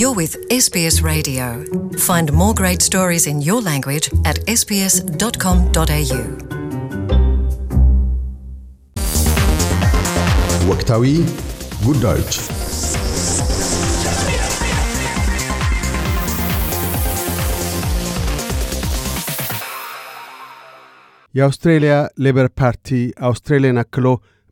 You're with SBS Radio. Find more great stories in your language at sbs.com.au. ወቅታዊ ጉዳዮች የአውስትሬልያ ሌበር ፓርቲ አውስትሬልያን አክሎ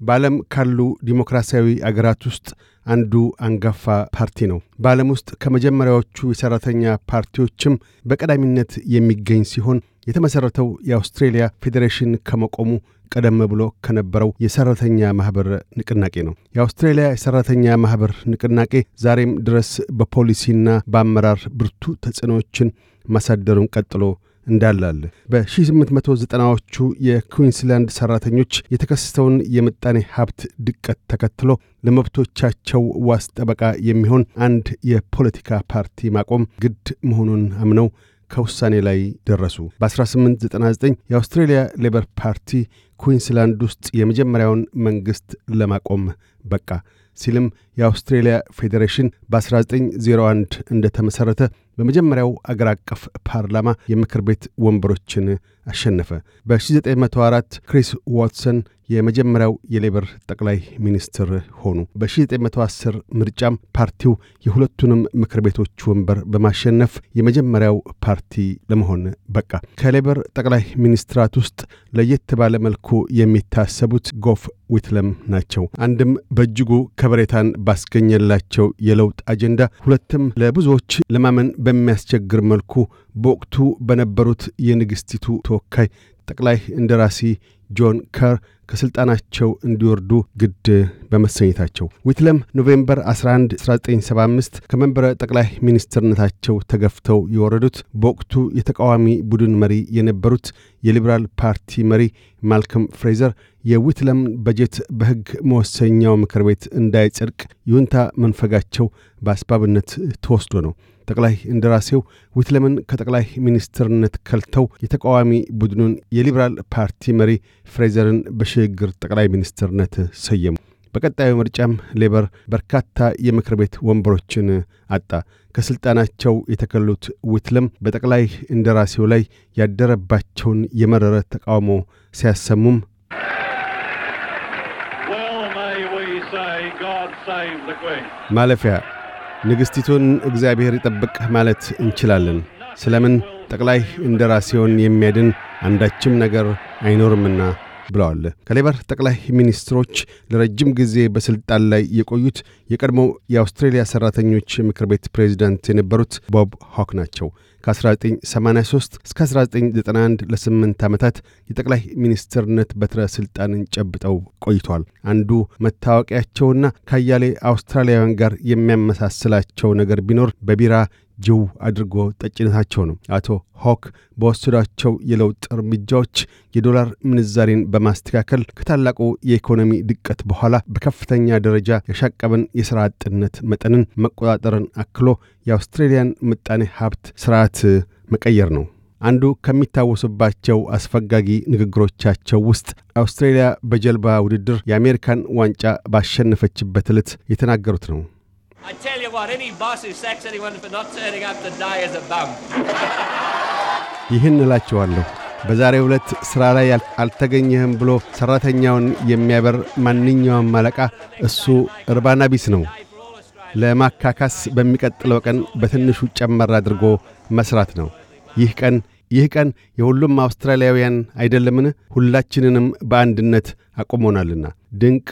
በዓለም ካሉ ዲሞክራሲያዊ አገራት ውስጥ አንዱ አንጋፋ ፓርቲ ነው። በዓለም ውስጥ ከመጀመሪያዎቹ የሠራተኛ ፓርቲዎችም በቀዳሚነት የሚገኝ ሲሆን የተመሠረተው የአውስትሬልያ ፌዴሬሽን ከመቆሙ ቀደም ብሎ ከነበረው የሰራተኛ ማኅበር ንቅናቄ ነው። የአውስትሬልያ የሰራተኛ ማኅበር ንቅናቄ ዛሬም ድረስ በፖሊሲና በአመራር ብርቱ ተጽዕኖዎችን ማሳደሩን ቀጥሎ እንዳላለ በ1890ዎቹ የኩዊንስላንድ ሠራተኞች የተከሰተውን የምጣኔ ሀብት ድቀት ተከትሎ ለመብቶቻቸው ዋስ ጠበቃ የሚሆን አንድ የፖለቲካ ፓርቲ ማቆም ግድ መሆኑን አምነው ከውሳኔ ላይ ደረሱ። በ1899 የአውስትሬልያ ሌበር ፓርቲ ኩዊንስላንድ ውስጥ የመጀመሪያውን መንግሥት ለማቆም በቃ ሲልም የአውስትሬልያ ፌዴሬሽን በ1901 እንደተመሠረተ በመጀመሪያው አገር አቀፍ ፓርላማ የምክር ቤት ወንበሮችን አሸነፈ። በ1904 ክሪስ ዋትሰን የመጀመሪያው የሌበር ጠቅላይ ሚኒስትር ሆኑ። በ1910 ምርጫም ፓርቲው የሁለቱንም ምክር ቤቶች ወንበር በማሸነፍ የመጀመሪያው ፓርቲ ለመሆን በቃ። ከሌበር ጠቅላይ ሚኒስትራት ውስጥ ለየት ባለ መልኩ የሚታሰቡት ጎፍ ዊትለም ናቸው። አንድም በእጅጉ ከበሬታን ባስገኘላቸው የለውጥ አጀንዳ፣ ሁለትም ለብዙዎች ለማመን በሚያስቸግር መልኩ በወቅቱ በነበሩት የንግሥቲቱ ተወካይ ጠቅላይ እንደራሲ ጆን ከር ከሥልጣናቸው እንዲወርዱ ግድ በመሰኘታቸው ዊትለም ኖቬምበር 11 1975 ከመንበረ ጠቅላይ ሚኒስትርነታቸው ተገፍተው የወረዱት በወቅቱ የተቃዋሚ ቡድን መሪ የነበሩት የሊበራል ፓርቲ መሪ ማልከም ፍሬዘር የዊትለም በጀት በሕግ መወሰኛው ምክር ቤት እንዳይጸድቅ ይሁንታ መንፈጋቸው በአስባብነት ተወስዶ ነው። ጠቅላይ እንደራሴው ዊትለምን ከጠቅላይ ሚኒስትርነት ከልተው የተቃዋሚ ቡድኑን የሊበራል ፓርቲ መሪ ፍሬዘርን በሽግግር ጠቅላይ ሚኒስትርነት ሰየሙ። በቀጣዩ ምርጫም ሌበር በርካታ የምክር ቤት ወንበሮችን አጣ። ከሥልጣናቸው የተከሉት ዊትለም በጠቅላይ እንደራሴው ላይ ያደረባቸውን የመረረ ተቃውሞ ሲያሰሙም ማለፊያ ንግሥቲቱን እግዚአብሔር ይጠብቅ ማለት እንችላለን። ስለምን ጠቅላይ እንደራሴውን የሚያድን አንዳችም ነገር አይኖርምና ብለዋል። ከሌበር ጠቅላይ ሚኒስትሮች ለረጅም ጊዜ በስልጣን ላይ የቆዩት የቀድሞው የአውስትሬልያ ሠራተኞች ምክር ቤት ፕሬዚዳንት የነበሩት ቦብ ሆክ ናቸው። ከ1983 እስከ 1991 ለ8 ዓመታት የጠቅላይ ሚኒስትርነት በትረ ሥልጣንን ጨብጠው ቆይቷል። አንዱ መታወቂያቸውና ከአያሌ አውስትራሊያውያን ጋር የሚያመሳስላቸው ነገር ቢኖር በቢራ ጅው አድርጎ ጠጭነታቸው ነው። አቶ ሆክ በወሰዷቸው የለውጥ እርምጃዎች የዶላር ምንዛሬን በማስተካከል ከታላቁ የኢኮኖሚ ድቀት በኋላ በከፍተኛ ደረጃ ያሻቀበን የሥራ አጥነት መጠንን መቆጣጠርን አክሎ የአውስትሬልያን ምጣኔ ሀብት ሥርዓት መቀየር ነው። አንዱ ከሚታወሱባቸው አስፈጋጊ ንግግሮቻቸው ውስጥ አውስትሬልያ በጀልባ ውድድር የአሜሪካን ዋንጫ ባሸነፈችበት ዕለት የተናገሩት ነው። want any boss who sacks anyone for not turning up to die as a bum. ይህን እላችኋለሁ በዛሬ ዕለት ሥራ ላይ አልተገኘህም ብሎ ሠራተኛውን የሚያበር ማንኛውም አለቃ እሱ እርባና ቢስ ነው። ለማካካስ በሚቀጥለው ቀን በትንሹ ጨመር አድርጎ መሥራት ነው። ይህ ቀን ይህ ቀን የሁሉም አውስትራሊያውያን አይደለምን? ሁላችንንም በአንድነት አቁሞናልና ድንቅ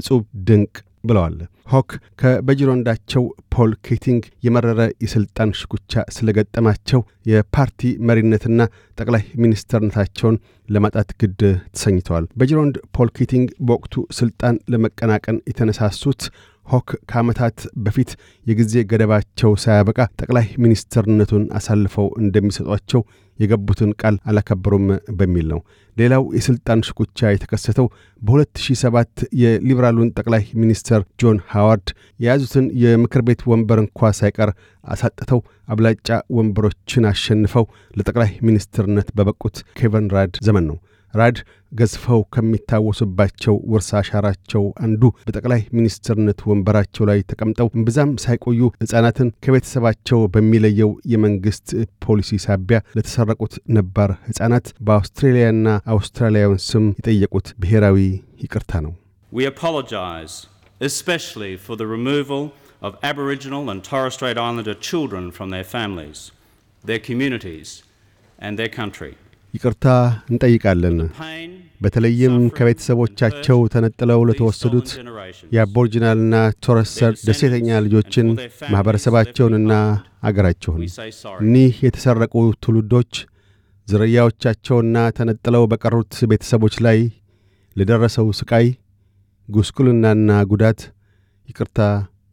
እጹብ ድንቅ ብለዋል። ሆክ ከበጅሮንዳቸው ፖል ኬቲንግ የመረረ የሥልጣን ሽኩቻ ስለገጠማቸው የፓርቲ መሪነትና ጠቅላይ ሚኒስተርነታቸውን ለማጣት ግድ ተሰኝተዋል። በጅሮንድ ፖል ኬቲንግ በወቅቱ ሥልጣን ለመቀናቀን የተነሳሱት ሆክ ከዓመታት በፊት የጊዜ ገደባቸው ሳያበቃ ጠቅላይ ሚኒስትርነቱን አሳልፈው እንደሚሰጧቸው የገቡትን ቃል አላከበሩም በሚል ነው። ሌላው የሥልጣን ሽኩቻ የተከሰተው በ2007 የሊበራሉን ጠቅላይ ሚኒስትር ጆን ሃዋርድ የያዙትን የምክር ቤት ወንበር እንኳ ሳይቀር አሳጥተው አብላጫ ወንበሮችን አሸንፈው ለጠቅላይ ሚኒስትርነት በበቁት ኬቨን ራድ ዘመን ነው። ራድ ገዝፈው ከሚታወሱባቸው ውርስ አሻራቸው አንዱ በጠቅላይ ሚኒስትርነት ወንበራቸው ላይ ተቀምጠው እምብዛም ሳይቆዩ ሕፃናትን ከቤተሰባቸው በሚለየው የመንግስት ፖሊሲ ሳቢያ ለተሰረቁት ነባር ሕፃናት በአውስትሬልያና አውስትራሊያውን ስም የጠየቁት ብሔራዊ ይቅርታ ነው። We apologize, especially for the removal of Aboriginal and Torres Strait Islander children from their families, their communities, and their country. ይቅርታ እንጠይቃለን። በተለይም ከቤተሰቦቻቸው ተነጥለው ለተወሰዱት የአቦርጅናልና ቶረሰር ደሴተኛ ልጆችን ማኅበረሰባቸውንና አገራቸውን እኒህ የተሰረቁ ትውልዶች ዝርያዎቻቸውና ተነጥለው በቀሩት ቤተሰቦች ላይ ለደረሰው ሥቃይ፣ ጉስቁልናና ጉዳት ይቅርታ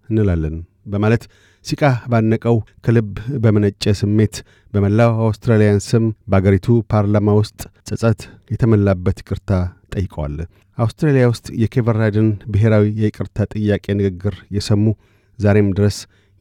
እንላለን በማለት ሲቃ ባነቀው ከልብ በመነጨ ስሜት በመላው አውስትራሊያን ስም በአገሪቱ ፓርላማ ውስጥ ጸጸት የተመላበት ይቅርታ ጠይቀዋል። አውስትራሊያ ውስጥ የኬቨን ራድን ብሔራዊ የይቅርታ ጥያቄ ንግግር የሰሙ ዛሬም ድረስ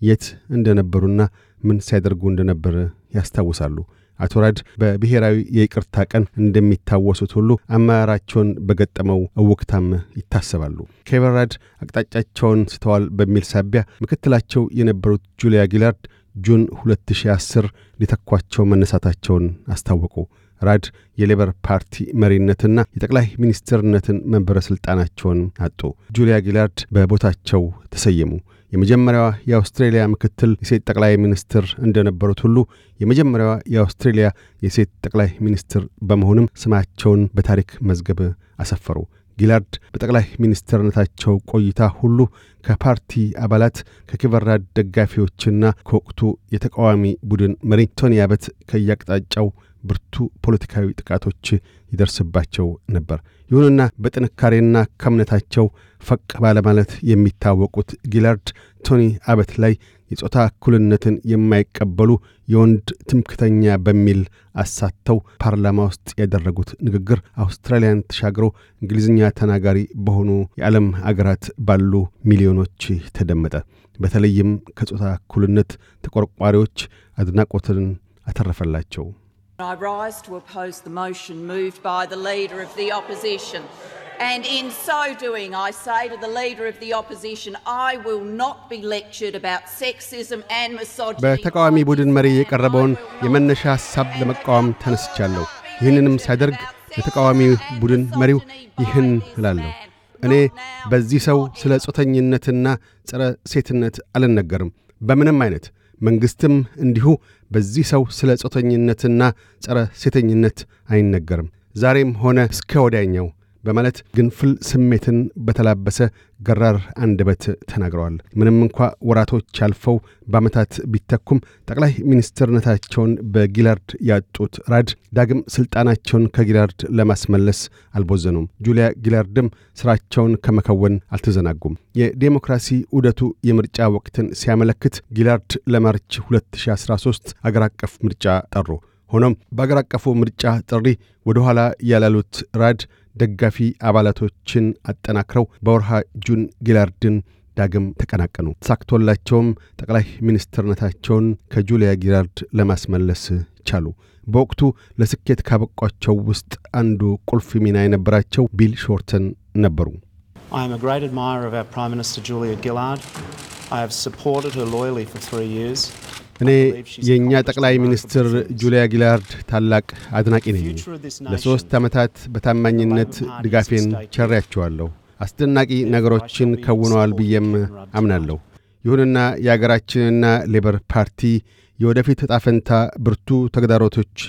የት እንደነበሩና ምን ሲያደርጉ እንደነበር ያስታውሳሉ። አቶ ራድ በብሔራዊ የይቅርታ ቀን እንደሚታወሱት ሁሉ አመራራቸውን በገጠመው እውቅታም ይታሰባሉ። ኬቨን ራድ አቅጣጫቸውን ስተዋል በሚል ሳቢያ ምክትላቸው የነበሩት ጁሊያ ጊላርድ ጁን 2010 ሊተኳቸው መነሳታቸውን አስታወቁ። ራድ የሌበር ፓርቲ መሪነትና የጠቅላይ ሚኒስትርነትን መንበረ ሥልጣናቸውን አጡ። ጁሊያ ጊላርድ በቦታቸው ተሰየሙ። የመጀመሪያዋ የአውስትሬልያ ምክትል የሴት ጠቅላይ ሚኒስትር እንደነበሩት ሁሉ የመጀመሪያዋ የአውስትሬልያ የሴት ጠቅላይ ሚኒስትር በመሆንም ስማቸውን በታሪክ መዝገብ አሰፈሩ። ጊላርድ በጠቅላይ ሚኒስትርነታቸው ቆይታ ሁሉ ከፓርቲ አባላት ከኪቨራድ ደጋፊዎችና ከወቅቱ የተቃዋሚ ቡድን መሪ ቶኒ አበት ከያቅጣጫው ብርቱ ፖለቲካዊ ጥቃቶች ይደርስባቸው ነበር። ይሁንና በጥንካሬና ከእምነታቸው ፈቅ ባለማለት የሚታወቁት ጊላርድ ቶኒ አበት ላይ የጾታ እኩልነትን የማይቀበሉ የወንድ ትምክተኛ በሚል አሳተው ፓርላማ ውስጥ ያደረጉት ንግግር አውስትራሊያን ተሻግሮ እንግሊዝኛ ተናጋሪ በሆኑ የዓለም አገራት ባሉ ሚሊዮኖች ተደመጠ። በተለይም ከጾታ እኩልነት ተቆርቋሪዎች አድናቆትን አተረፈላቸው። I rise to oppose the motion moved by the Leader of the Opposition. And in so doing, I say to the Leader of the Opposition, I will not be lectured about sexism and misogyny. በተቃዋሚ ቡድን መሪ የቀረበውን የመነሻ ሀሳብ ለመቃወም ተነስቻለሁ። ይህንንም ሳደርግ የተቃዋሚ ቡድን መሪው ይህን እላለሁ። እኔ በዚህ ሰው ስለ ጾተኝነትና ጸረ ሴትነት አልነገርም በምንም አይነት መንግሥትም እንዲሁ በዚህ ሰው ስለ ጾተኝነትና ጸረ ሴተኝነት አይነገርም። ዛሬም ሆነ እስከ ወዲያኛው በማለት ግንፍል ስሜትን በተላበሰ ገራር አንደበት ተናግረዋል። ምንም እንኳ ወራቶች አልፈው በዓመታት ቢተኩም ጠቅላይ ሚኒስትርነታቸውን በጊላርድ ያጡት ራድ ዳግም ሥልጣናቸውን ከጊላርድ ለማስመለስ አልቦዘኑም። ጁሊያ ጊላርድም ሥራቸውን ከመከወን አልተዘናጉም። የዴሞክራሲ ዑደቱ የምርጫ ወቅትን ሲያመለክት ጊላርድ ለማርች 2013 አገር አቀፍ ምርጫ ጠሩ። ሆኖም በአገር አቀፉ ምርጫ ጥሪ ወደ ኋላ ያላሉት ራድ ደጋፊ አባላቶችን አጠናክረው በወርሃ ጁን ጊላርድን ዳግም ተቀናቀኑ። ተሳክቶላቸውም ጠቅላይ ሚኒስትርነታቸውን ከጁሊያ ጊላርድ ለማስመለስ ቻሉ። በወቅቱ ለስኬት ካበቋቸው ውስጥ አንዱ ቁልፍ ሚና የነበራቸው ቢል ሾርተን ነበሩ። ፕራይም ሚኒስትር ጁሊያ ጊላርድ እኔ የእኛ ጠቅላይ ሚኒስትር ጁሊያ ጊላርድ ታላቅ አድናቂ ነኝ። ለሦስት ዓመታት በታማኝነት ድጋፌን ቸሬያቸዋለሁ። አስደናቂ ነገሮችን ከውነዋል ብዬም አምናለሁ። ይሁንና የአገራችንና ሌበር ፓርቲ የወደፊት ዕጣ ፈንታ ብርቱ ተግዳሮቶች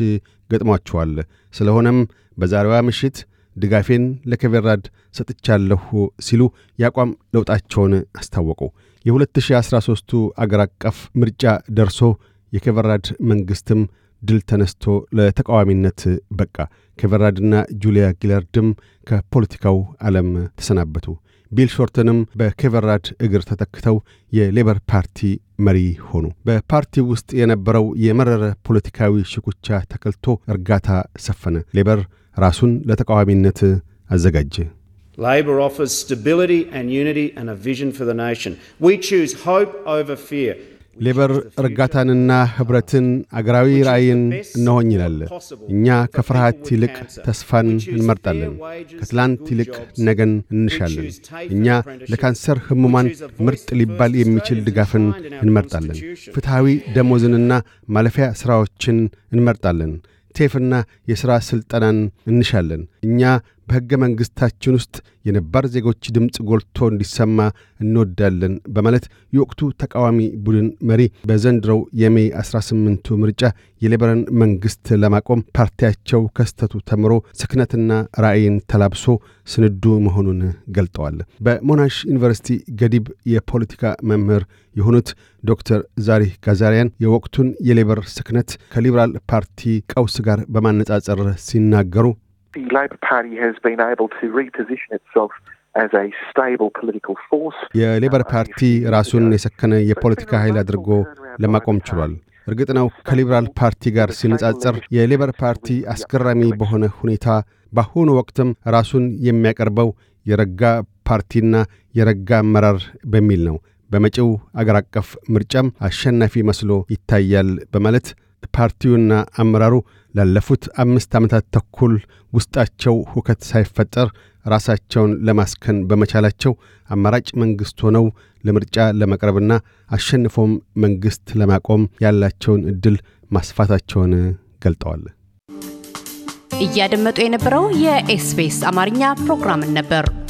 ገጥሟቸዋል። ስለሆነም በዛሬዋ ምሽት ድጋፌን ለኬቨንራድ ሰጥቻለሁ ሲሉ የአቋም ለውጣቸውን አስታወቁ። የ2013ቱ አገር አቀፍ ምርጫ ደርሶ የኬቨራድ መንግሥትም ድል ተነስቶ ለተቃዋሚነት በቃ። ኬቨንራድና ጁሊያ ጊላርድም ከፖለቲካው ዓለም ተሰናበቱ። ቢል ሾርተንም በኬቨንራድ እግር ተተክተው የሌበር ፓርቲ መሪ ሆኑ። በፓርቲ ውስጥ የነበረው የመረረ ፖለቲካዊ ሽኩቻ ተከልቶ እርጋታ ሰፈነ። ሌበር ራሱን ለተቃዋሚነት አዘጋጀ። Labour offers stability and unity and a vision for the nation. We choose hope over fear. ሌበር እርጋታንና ኅብረትን አገራዊ ራእይን እነሆኝ ይላል። እኛ ከፍርሃት ይልቅ ተስፋን እንመርጣለን። ከትላንት ይልቅ ነገን እንሻለን። እኛ ለካንሰር ሕሙማን ምርጥ ሊባል የሚችል ድጋፍን እንመርጣለን። ፍትሐዊ ደሞዝንና ማለፊያ ሥራዎችን እንመርጣለን። ቴፍና የሥራ ሥልጠናን እንሻለን። እኛ በሕገ መንግሥታችን ውስጥ የነባር ዜጎች ድምፅ ጎልቶ እንዲሰማ እንወዳለን በማለት የወቅቱ ተቃዋሚ ቡድን መሪ በዘንድሮው የሜይ 18ቱ ምርጫ የሌበረን መንግሥት ለማቆም ፓርቲያቸው ከስተቱ ተምሮ ስክነትና ራዕይን ተላብሶ ስንዱ መሆኑን ገልጠዋል። በሞናሽ ዩኒቨርሲቲ ገዲብ የፖለቲካ መምህር የሆኑት ዶክተር ዛሪህ ጋዛሪያን የወቅቱን የሌበር ስክነት ከሊበራል ፓርቲ ቀውስ ጋር በማነጻጸር ሲናገሩ The Labor Party has been able to reposition itself የሌበር ፓርቲ ራሱን የሰከነ የፖለቲካ ኃይል አድርጎ ለማቆም ችሏል። እርግጥ ነው ከሊበራል ፓርቲ ጋር ሲነጻጸር የሌበር ፓርቲ አስገራሚ በሆነ ሁኔታ በአሁኑ ወቅትም ራሱን የሚያቀርበው የረጋ ፓርቲና የረጋ አመራር በሚል ነው። በመጪው አገር አቀፍ ምርጫም አሸናፊ መስሎ ይታያል በማለት ፓርቲውና አመራሩ ላለፉት አምስት ዓመታት ተኩል ውስጣቸው ሁከት ሳይፈጠር ራሳቸውን ለማስከን በመቻላቸው አማራጭ መንግሥት ሆነው ለምርጫ ለመቅረብና አሸንፎም መንግሥት ለማቆም ያላቸውን ዕድል ማስፋታቸውን ገልጠዋል። እያደመጡ የነበረው የኤስፔስ አማርኛ ፕሮግራምን ነበር።